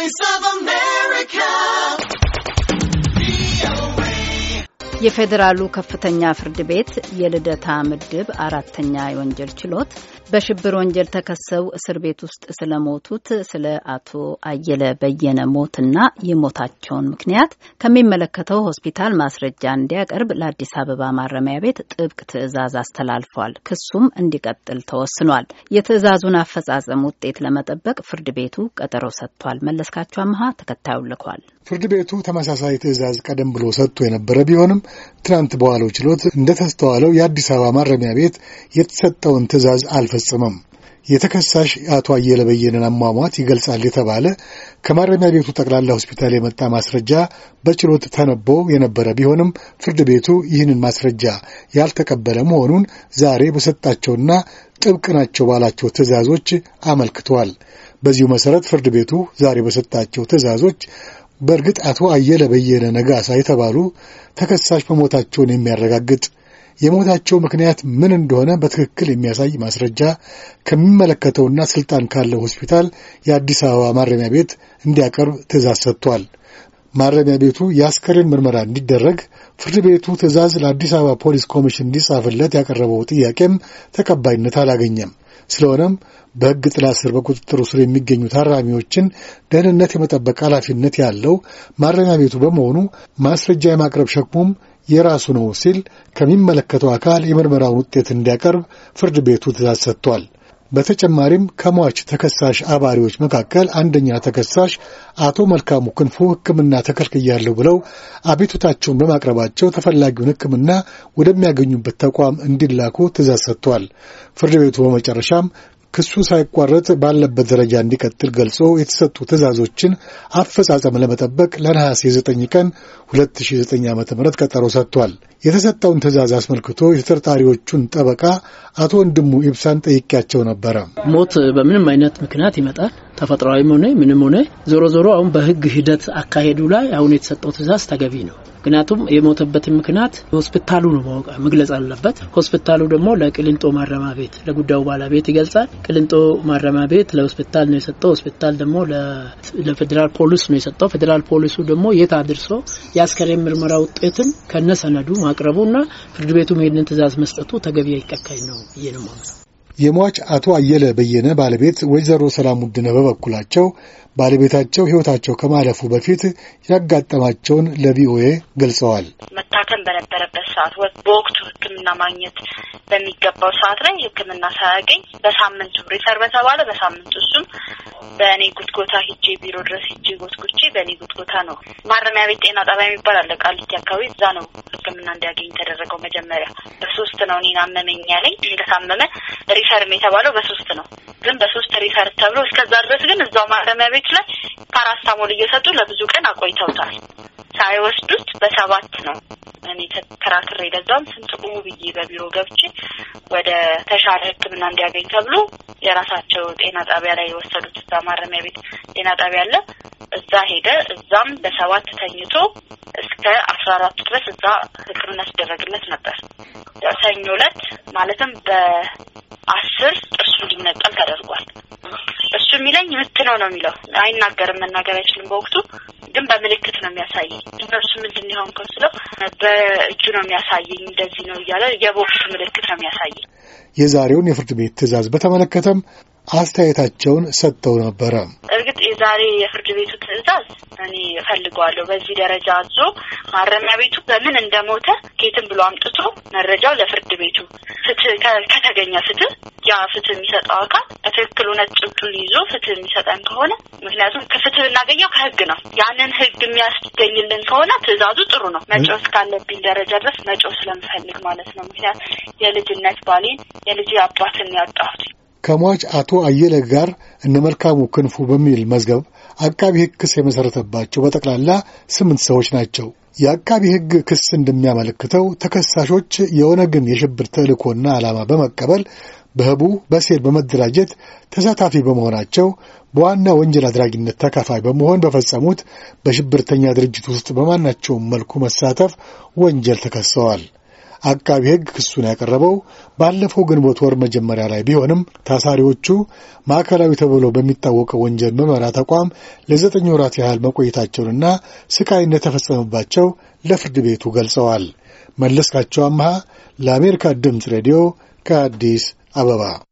Voice of America. የፌዴራሉ ከፍተኛ ፍርድ ቤት የልደታ ምድብ አራተኛ የወንጀል ችሎት በሽብር ወንጀል ተከሰው እስር ቤት ውስጥ ስለሞቱት ስለ አቶ አየለ በየነ ሞትና የሞታቸውን ምክንያት ከሚመለከተው ሆስፒታል ማስረጃ እንዲያቀርብ ለአዲስ አበባ ማረሚያ ቤት ጥብቅ ትዕዛዝ አስተላልፏል። ክሱም እንዲቀጥል ተወስኗል። የትዕዛዙን አፈጻጸም ውጤት ለመጠበቅ ፍርድ ቤቱ ቀጠሮ ሰጥቷል። መለስካቸው አመሃ ተከታዩን ልኳል። ፍርድ ቤቱ ተመሳሳይ ትዕዛዝ ቀደም ብሎ ሰጥቶ የነበረ ቢሆንም ትናንት በዋለው ችሎት እንደተስተዋለው የአዲስ አበባ ማረሚያ ቤት የተሰጠውን ትዕዛዝ አልፈ አልፈጸመም። የተከሳሽ አቶ አየለ በየነን አሟሟት ይገልጻል የተባለ ከማረሚያ ቤቱ ጠቅላላ ሆስፒታል የመጣ ማስረጃ በችሎት ተነቦ የነበረ ቢሆንም ፍርድ ቤቱ ይህንን ማስረጃ ያልተቀበለ መሆኑን ዛሬ በሰጣቸውና ጥብቅ ናቸው ባላቸው ትዕዛዞች አመልክተዋል። በዚሁ መሰረት ፍርድ ቤቱ ዛሬ በሰጣቸው ትዕዛዞች በእርግጥ አቶ አየለ በየነ ነጋሳ የተባሉ ተከሳሽ መሞታቸውን የሚያረጋግጥ የሞታቸው ምክንያት ምን እንደሆነ በትክክል የሚያሳይ ማስረጃ ከሚመለከተውና ስልጣን ካለው ሆስፒታል የአዲስ አበባ ማረሚያ ቤት እንዲያቀርብ ትእዛዝ ሰጥቷል። ማረሚያ ቤቱ የአስከሬን ምርመራ እንዲደረግ ፍርድ ቤቱ ትእዛዝ ለአዲስ አበባ ፖሊስ ኮሚሽን እንዲጻፍለት ያቀረበው ጥያቄም ተቀባይነት አላገኘም። ስለሆነም በሕግ ጥላ ስር በቁጥጥሩ ስር የሚገኙ ታራሚዎችን ደህንነት የመጠበቅ ኃላፊነት ያለው ማረሚያ ቤቱ በመሆኑ ማስረጃ የማቅረብ ሸክሙም የራሱ ነው ሲል ከሚመለከተው አካል የምርመራውን ውጤት እንዲያቀርብ ፍርድ ቤቱ ትእዛዝ ሰጥቷል። በተጨማሪም ከሟች ተከሳሽ አባሪዎች መካከል አንደኛ ተከሳሽ አቶ መልካሙ ክንፉ ሕክምና ተከልክያለሁ ብለው አቤቱታቸውን በማቅረባቸው ተፈላጊውን ሕክምና ወደሚያገኙበት ተቋም እንዲላኩ ትእዛዝ ሰጥቷል። ፍርድ ቤቱ በመጨረሻም ክሱ ሳይቋረጥ ባለበት ደረጃ እንዲቀጥል ገልጾ የተሰጡ ትዕዛዞችን አፈጻጸም ለመጠበቅ ለነሐሴ 9 ቀን 2009 ዓ ም ቀጠሮ ሰጥቷል። የተሰጠውን ትዕዛዝ አስመልክቶ የተጠርጣሪዎቹን ጠበቃ አቶ ወንድሙ ኢብሳን ጠይቄያቸው ነበረ። ሞት በምንም አይነት ምክንያት ይመጣል ተፈጥሯዊም ሆነ ምንም ሆነ ዞሮ ዞሮ አሁን በህግ ሂደት አካሄዱ ላይ አሁን የተሰጠው ትእዛዝ ተገቢ ነው። ምክንያቱም የሞተበትን ምክንያት ሆስፒታሉ ነው ማወቅ መግለጽ አለበት። ሆስፒታሉ ደግሞ ለቅሊንጦ ማረሚያ ቤት ለጉዳዩ ባለቤት ይገልጻል። ቅሊንጦ ማረሚያ ቤት ለሆስፒታል ነው የሰጠው። ሆስፒታል ደግሞ ለፌዴራል ፖሊስ ነው የሰጠው። ፌዴራል ፖሊሱ ደግሞ የት አድርሶ የአስከሬን ምርመራ ውጤትን ከነ ሰነዱ እና ፍርድ ቤቱም ይህንን ትእዛዝ መስጠቱ ተገቢ አይቀካኝ ነው ብዬ ነው ማለት ነው። የሟች አቶ አየለ በየነ ባለቤት ወይዘሮ ሰላም ውድነ በበኩላቸው ባለቤታቸው ሕይወታቸው ከማለፉ በፊት ያጋጠማቸውን ለቪኦኤ ገልጸዋል። መታከም በነበረበት ሰዓት በወቅቱ ሕክምና ማግኘት በሚገባው ሰዓት ላይ ሕክምና ሳያገኝ በሳምንቱ ሪፈር በተባለ በሳምንቱ እሱም በእኔ ጉትጎታ ሂጄ ቢሮ ድረስ ሂጄ ጎትጉቼ በእኔ ጉትጎታ ነው ማረሚያ ቤት ጤና ጣቢያ የሚባል አለ ቃሊቲ አካባቢ እዛ ነው ሕክምና እንዲያገኝ ተደረገው። መጀመሪያ በሶስት ነው እኔን አመመኝ ያለኝ እንደታመመ ሪፈርም የተባለው በሶስት ነው። ግን በሶስት ሪፈር ተብሎ እስከዛ ድረስ ግን እዛው ማረሚያ ቤት ላይ ፓራስታሞል እየሰጡ ለብዙ ቀን አቆይተውታል። ሳይወስዱት በሰባት ነው እኔ ተከራክሬ ለዛም ስንት ቁሙ ብዬ በቢሮ ገብቼ ወደ ተሻለ ሕክምና እንዲያገኝ ተብሎ የራሳቸው ጤና ጣቢያ ላይ የወሰዱት እዛ ማረሚያ ቤት ጤና ጣቢያ አለ። እዛ ሄደ። እዛም በሰባት ተኝቶ እስከ አስራ አራቱ ድረስ እዛ ሕክምና ሲደረግለት ነበር። ሰኞ ዕለት ማለትም በአስር ጥርሱ እንዲነቀል ተደርጓል። እሱ የሚለኝ ምት ነው ነው የሚለው አይናገርም፣ መናገር አይችልም በወቅቱ ግን በምልክት ነው የሚያሳይ እነሱ ምንድን ነው የሆንከው ስለው በእጁ ነው የሚያሳየኝ፣ እንደዚህ ነው እያለ የቦክስ ምልክት ነው የሚያሳየኝ። የዛሬውን የፍርድ ቤት ትዕዛዝ በተመለከተም አስተያየታቸውን ሰጥተው ነበረ። እርግጥ የዛሬ የፍርድ ቤቱ ትዕዛዝ እኔ እፈልገዋለሁ። በዚህ ደረጃ አዞ ማረሚያ ቤቱ በምን እንደሞተ ኬትን ብሎ አምጥቶ መረጃው ለፍርድ ቤቱ ፍትህ ከተገኘ ፍትህ ያ ፍትህ የሚሰጠው አካል በትክክል እውነት ጭብጡን ይዞ ፍትህ የሚሰጠን ከሆነ ምክንያቱም ከፍትህ እናገኘው ከህግ ነው። ያንን ህግ የሚያስገኝልን ከሆነ ትዕዛዙ ጥሩ ነው። መጮህ እስካለብኝ ደረጃ ድረስ መጮህ ስለምፈልግ ማለት ነው። ምክንያት የልጅነት ባሌን የልጅ አባትን ያጣሁት ከሟች አቶ አየለ ጋር እነ መልካሙ ክንፉ በሚል መዝገብ አቃቢ ህግ ክስ የመሠረተባቸው በጠቅላላ ስምንት ሰዎች ናቸው። የአቃቢ ህግ ክስ እንደሚያመለክተው ተከሳሾች የኦነግን የሽብር ተልእኮና ዓላማ በመቀበል በህቡ በሴል በመደራጀት ተሳታፊ በመሆናቸው በዋና ወንጀል አድራጊነት ተካፋይ በመሆን በፈጸሙት በሽብርተኛ ድርጅት ውስጥ በማናቸውም መልኩ መሳተፍ ወንጀል ተከሰዋል። አቃቢ ሕግ ክሱን ያቀረበው ባለፈው ግንቦት ወር መጀመሪያ ላይ ቢሆንም ታሳሪዎቹ ማዕከላዊ ተብሎ በሚታወቀው ወንጀል ምርመራ ተቋም ለዘጠኝ ወራት ያህል መቆየታቸውንና ስቃይ እንደተፈጸመባቸው ለፍርድ ቤቱ ገልጸዋል። መለስካቸው አምሃ ለአሜሪካ ድምፅ ሬዲዮ ከአዲስ 阿爸爸。